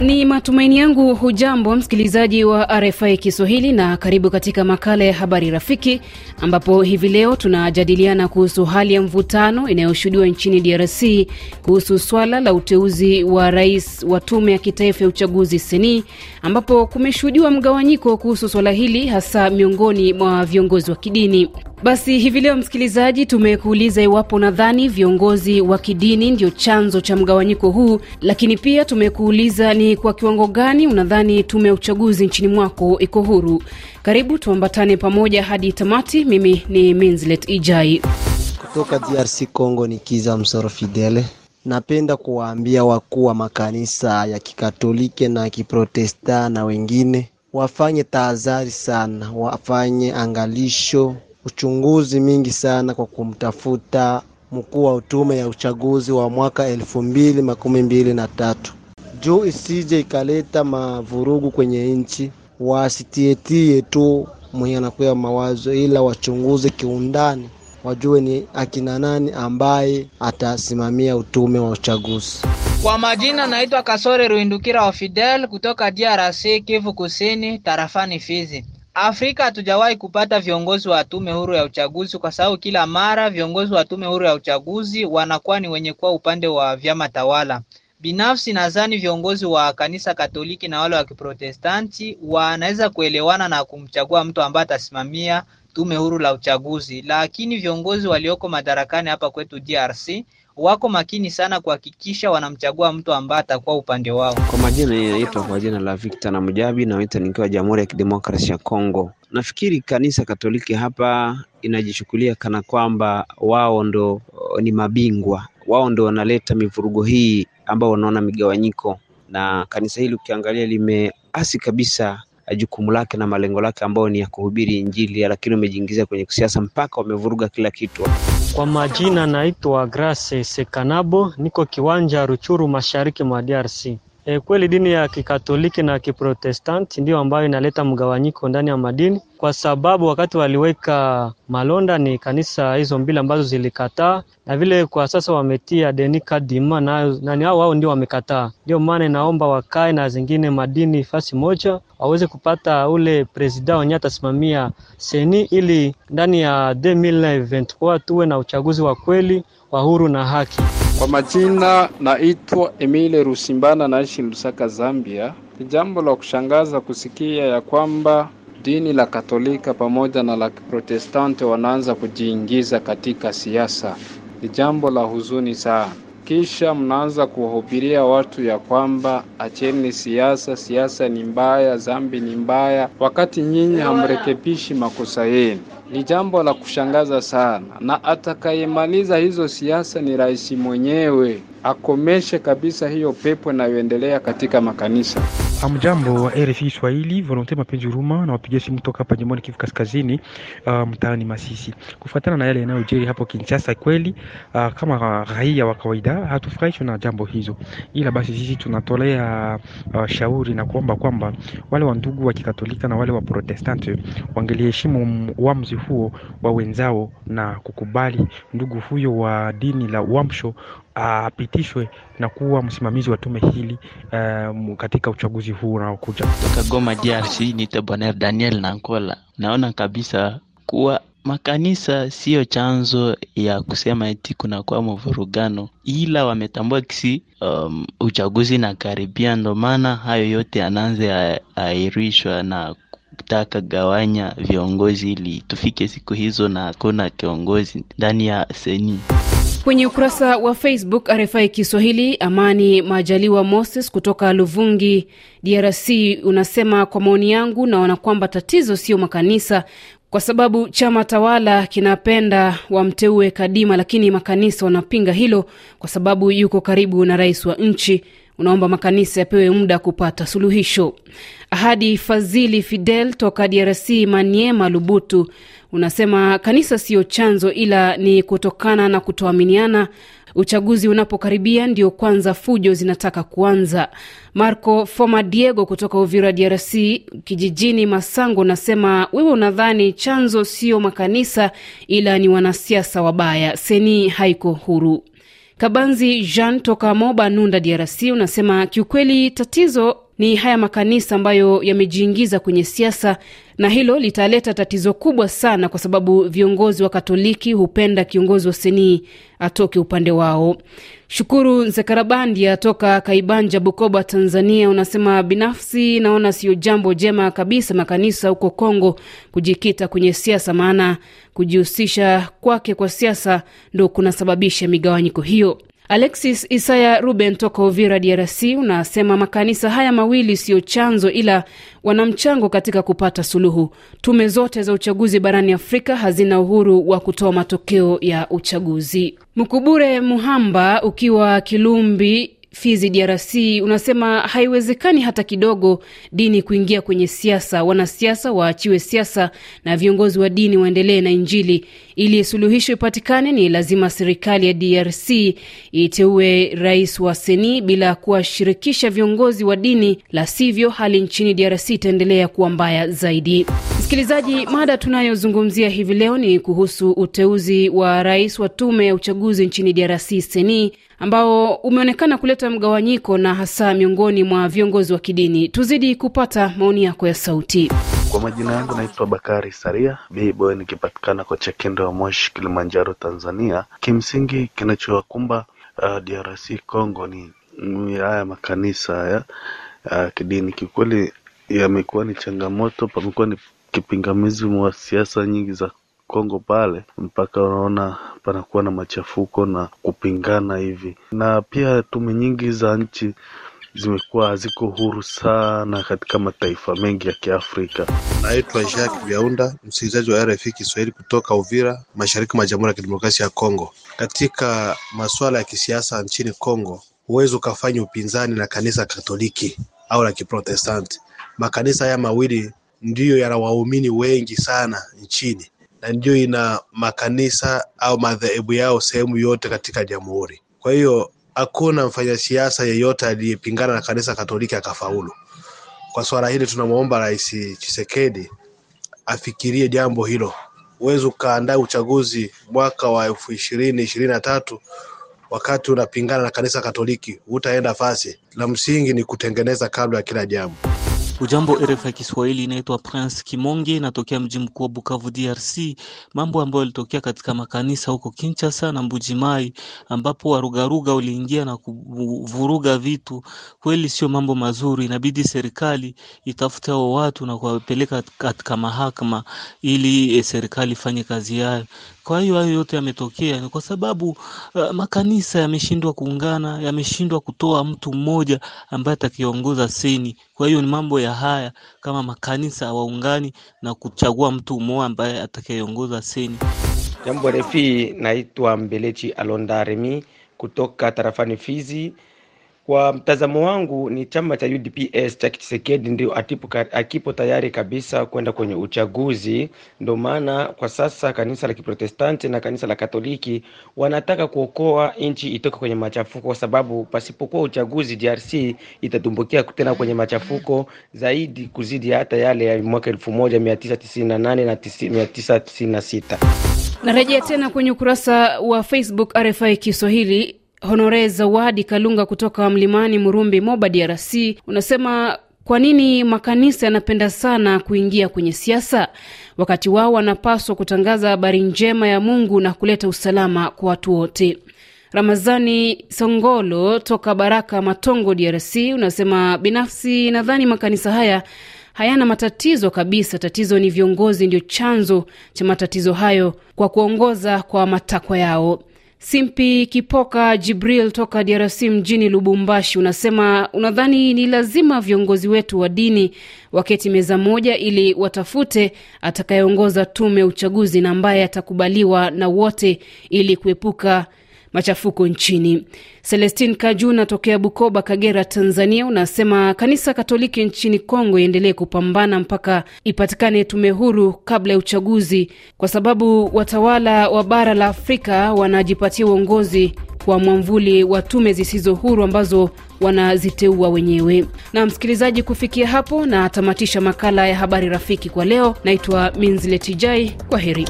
Ni matumaini yangu hujambo msikilizaji wa RFI Kiswahili na karibu katika makala ya habari rafiki, ambapo hivi leo tunajadiliana kuhusu hali ya mvutano inayoshuhudiwa nchini DRC kuhusu swala la uteuzi wa rais wa tume ya kitaifa ya uchaguzi seni ambapo kumeshuhudiwa mgawanyiko kuhusu swala hili, hasa miongoni mwa viongozi wa kidini. Basi hivi leo, msikilizaji, tumekuuliza iwapo nadhani viongozi wa kidini ndio chanzo cha mgawanyiko huu, lakini pia tumekuuliza ni kwa kiwango gani unadhani tume ya uchaguzi nchini mwako iko huru. Karibu tuambatane pamoja hadi tamati. Mimi ni Minzlet Ijai kutoka DRC Congo, ni Kiza Msoro Fidele. Napenda kuwaambia wakuu wa makanisa ya Kikatoliki na Kiprotesta na wengine wafanye tahadhari sana, wafanye angalisho uchunguzi mingi sana kwa kumtafuta mkuu wa utume ya uchaguzi wa mwaka elfu mbili makumi mbili na tatu juu isije ikaleta mavurugu kwenye nchi. Wasitietie tu mwenye anakuya mawazo, ila wachunguze kiundani, wajue ni akina nani ambaye atasimamia utume wa uchaguzi. Kwa majina naitwa Kasore Ruindukira wa Fidel kutoka DRC, Kivu Kusini, tarafani Fizi. Afrika hatujawahi kupata viongozi wa tume huru ya uchaguzi kwa sababu kila mara viongozi wa tume huru ya uchaguzi wanakuwa ni wenye kuwa upande wa vyama tawala. Binafsi nadhani viongozi wa kanisa Katoliki na wale wa Kiprotestanti wanaweza kuelewana na kumchagua mtu ambaye atasimamia tume huru la uchaguzi, lakini viongozi walioko madarakani hapa kwetu DRC wako makini sana kuhakikisha wanamchagua mtu ambaye atakuwa upande wao. Kwa majina yanaitwa kwa jina la Victor na Mujabi na nikiwa Jamhuri ya Kidemokrasia ya Kongo. Nafikiri kanisa Katoliki hapa inajichukulia kana kwamba wao ndo uh, ni mabingwa, wao ndo wanaleta mivurugo hii ambao wanaona migawanyiko, na kanisa hili ukiangalia limeasi kabisa Eh, jukumu lake na malengo lake ambayo ni ya kuhubiri Injili, lakini umejiingiza kwenye siasa mpaka wamevuruga kila kitu. Kwa majina naitwa Grace Sekanabo, niko kiwanja Ruchuru, mashariki mwa DRC. E, kweli dini ya Kikatoliki na Kiprotestanti ndiyo ambayo inaleta mgawanyiko ndani ya madini, kwa sababu wakati waliweka malonda ni kanisa hizo mbili ambazo zilikataa, na vile kwa sasa wametia denika dima na, na ni hao hao ndio wamekataa. Ndio maana inaomba wakae na zingine madini fasi moja waweze kupata ule presida wenye atasimamia seni, ili ndani ya 2023 tuwe na uchaguzi wa kweli wa huru na haki. Kwa majina naitwa Emile Rusimbana, naishi Lusaka, Zambia. Ni jambo la kushangaza kusikia ya kwamba dini la Katolika pamoja na la kiprotestante wanaanza kujiingiza katika siasa. Ni jambo la huzuni sana kisha mnaanza kuwahubiria watu ya kwamba acheni siasa, siasa ni mbaya, zambi ni mbaya, wakati nyinyi hamrekebishi makosa yenu. Ni jambo la kushangaza sana, na atakayemaliza hizo siasa ni rais mwenyewe. Akomeshe kabisa hiyo pepo inayoendelea katika makanisa. Amjambo wa RFI Swahili, volonte mapenzi huruma na wapiga simu toka hapa jimboni Kivu Kaskazini, uh, mtaani Masisi. Kufuatana na yale yanayojiri hapo Kinshasa, kweli uh, kama raia wa kawaida hatufurahishwi na jambo hizo, ila basi sisi tunatolea uh, shauri na kuomba kwamba wale wa ndugu wa Kikatolika na wale wa Protestanti wangeliheshimu uamuzi huo wa wenzao na kukubali ndugu huyo wa dini la Uamsho apitishwe na kuwa msimamizi wa tume hili um, katika uchaguzi huu unaokuja. Kutoka Goma DRC, ni Boner Daniel Nankola. Naona kabisa kuwa makanisa siyo chanzo ya kusema eti kunakuwa mvurugano, ila wametambua kisi um, uchaguzi na karibia, ndo maana hayo yote yanaanza airishwa na kutaka gawanya viongozi ili tufike siku hizo na hakuna kiongozi ndani ya seni. Kwenye ukurasa wa Facebook RFI Kiswahili, Amani Majaliwa Moses kutoka Luvungi, DRC, unasema kwa maoni yangu, naona kwamba tatizo sio makanisa kwa sababu chama tawala kinapenda wamteue Kadima, lakini makanisa wanapinga hilo kwa sababu yuko karibu na rais wa nchi. Unaomba makanisa yapewe muda kupata suluhisho. Ahadi Fazili Fidel toka DRC, Maniema, Lubutu, Unasema kanisa siyo chanzo, ila ni kutokana na kutoaminiana. Uchaguzi unapokaribia ndio kwanza fujo zinataka kuanza. Marco Foma Diego kutoka Uvira, DRC, kijijini Masango, unasema wewe unadhani chanzo sio makanisa, ila ni wanasiasa wabaya. Seni haiko huru. Kabanzi Jean toka Moba Nunda, DRC, unasema kiukweli tatizo ni haya makanisa ambayo yamejiingiza kwenye siasa, na hilo litaleta tatizo kubwa sana, kwa sababu viongozi wa Katoliki hupenda kiongozi wa senii atoke upande wao. Shukuru Nsekarabandia toka Kaibanja, Bukoba, Tanzania, unasema binafsi naona sio jambo jema kabisa makanisa huko Kongo kujikita kwenye siasa, maana kujihusisha kwake kwa siasa ndo kunasababisha migawanyiko hiyo. Alexis Isaya Ruben toka Uvira, DRC, unasema makanisa haya mawili siyo chanzo, ila wana mchango katika kupata suluhu. Tume zote za uchaguzi barani Afrika hazina uhuru wa kutoa matokeo ya uchaguzi. Mkubure Muhamba ukiwa Kilumbi Fizi, DRC, unasema haiwezekani hata kidogo dini kuingia kwenye siasa. Wanasiasa waachiwe siasa na viongozi wa dini waendelee na Injili. Ili suluhisho ipatikane, ni lazima serikali ya DRC iteue rais wa seni bila kuwashirikisha viongozi wa dini, la sivyo hali nchini DRC itaendelea kuwa mbaya zaidi. Msikilizaji, mada tunayozungumzia hivi leo ni kuhusu uteuzi wa rais wa tume ya uchaguzi nchini DRC seni ambao umeonekana kuleta mgawanyiko na hasa miongoni mwa viongozi wa kidini. Tuzidi kupata maoni yako ya sauti. Kwa majina yangu naitwa Bakari Saria bb nikipatikana kwa Chakendo wa Moshi, Kilimanjaro, Tanzania. Kimsingi kinachowakumba uh, DRC Congo ni haya makanisa haya uh, kidini, kiukweli yamekuwa ni changamoto, pamekuwa ni kipingamizi mwa siasa nyingi za Kongo pale mpaka unaona panakuwa na machafuko na kupingana hivi, na pia tume nyingi za nchi zimekuwa haziko huru sana katika mataifa mengi ya Kiafrika. Naitwa Jacques Vyaunda, msikilizaji wa RFI Kiswahili kutoka Uvira, mashariki mwa Jamhuri ya Kidemokrasia ya Kongo. Katika masuala ya kisiasa nchini Kongo, huwezi ukafanya upinzani na kanisa Katoliki au la Kiprotestanti. Makanisa haya mawili ndiyo yana waumini wengi sana nchini, ndio ina makanisa au madhehebu yao sehemu yote katika jamhuri. Kwa hiyo hakuna mfanyasiasa yeyote aliyepingana na kanisa Katoliki akafaulu. Kwa swala hili tunamwomba Rais Chisekedi afikirie jambo hilo. Huwezi ukaandaa uchaguzi mwaka wa elfu ishirini ishirini na tatu wakati unapingana na kanisa Katoliki, hutaenda fasi. La msingi ni kutengeneza kabla ya kila jambo. Ujambo RFI ya Kiswahili, inaitwa Prince Kimonge, natokea mji mkuu wa Bukavu, DRC. Mambo ambayo yalitokea katika makanisa huko Kinshasa na Mbujimai, ambapo warugaruga waliingia na kuvuruga vitu, kweli sio mambo mazuri. Inabidi serikali itafute hao watu na kuwapeleka katika mahakama ili eh, serikali ifanye kazi yayo. Kwa hiyo hayo yote yametokea ni kwa sababu uh, makanisa yameshindwa kuungana, yameshindwa kutoa mtu mmoja ambaye atakiongoza seni. Kwa hiyo ni mambo ya ya haya kama makanisa waungani na kuchagua mtu mmoja ambaye atakayeongoza seni. Jambo refi, naitwa Mbelechi Alonda Remi kutoka tarafani Fizi. Kwa mtazamo wangu ni chama cha UDPS cha Tshisekedi ndio akipo tayari kabisa kwenda kwenye uchaguzi. Ndio maana kwa sasa kanisa la Kiprotestanti na kanisa la Katoliki wanataka kuokoa nchi itoke kwenye machafuko, kwa sababu pasipokuwa uchaguzi DRC itatumbukia tena kwenye machafuko zaidi kuzidi hata yale ya mwaka 1998 na 1996. Narejea tena kwenye ukurasa wa Facebook RFI Kiswahili Honore Zawadi Kalunga kutoka Mlimani Murumbi, Moba, DRC unasema kwa nini makanisa yanapenda sana kuingia kwenye siasa wakati wao wanapaswa kutangaza habari njema ya Mungu na kuleta usalama kwa watu wote? Ramazani Songolo toka Baraka Matongo, DRC unasema binafsi nadhani makanisa haya hayana matatizo kabisa. Tatizo ni viongozi, ndio chanzo cha matatizo hayo, kwa kuongoza kwa matakwa yao. Simpi Kipoka Jibril toka DRC mjini Lubumbashi unasema unadhani ni lazima viongozi wetu wa dini waketi meza moja ili watafute atakayeongoza tume ya uchaguzi na ambaye atakubaliwa na wote ili kuepuka machafuko nchini. Celestin kaju natokea Bukoba, Kagera, Tanzania, unasema kanisa Katoliki nchini Kongo iendelee kupambana mpaka ipatikane tume huru kabla ya uchaguzi, kwa sababu watawala wa bara la Afrika wanajipatia uongozi kwa mwamvuli wa tume zisizo huru ambazo wanaziteua wenyewe. Na msikilizaji, kufikia hapo na tamatisha makala ya habari rafiki kwa leo. Naitwa minzletijai kwa heri.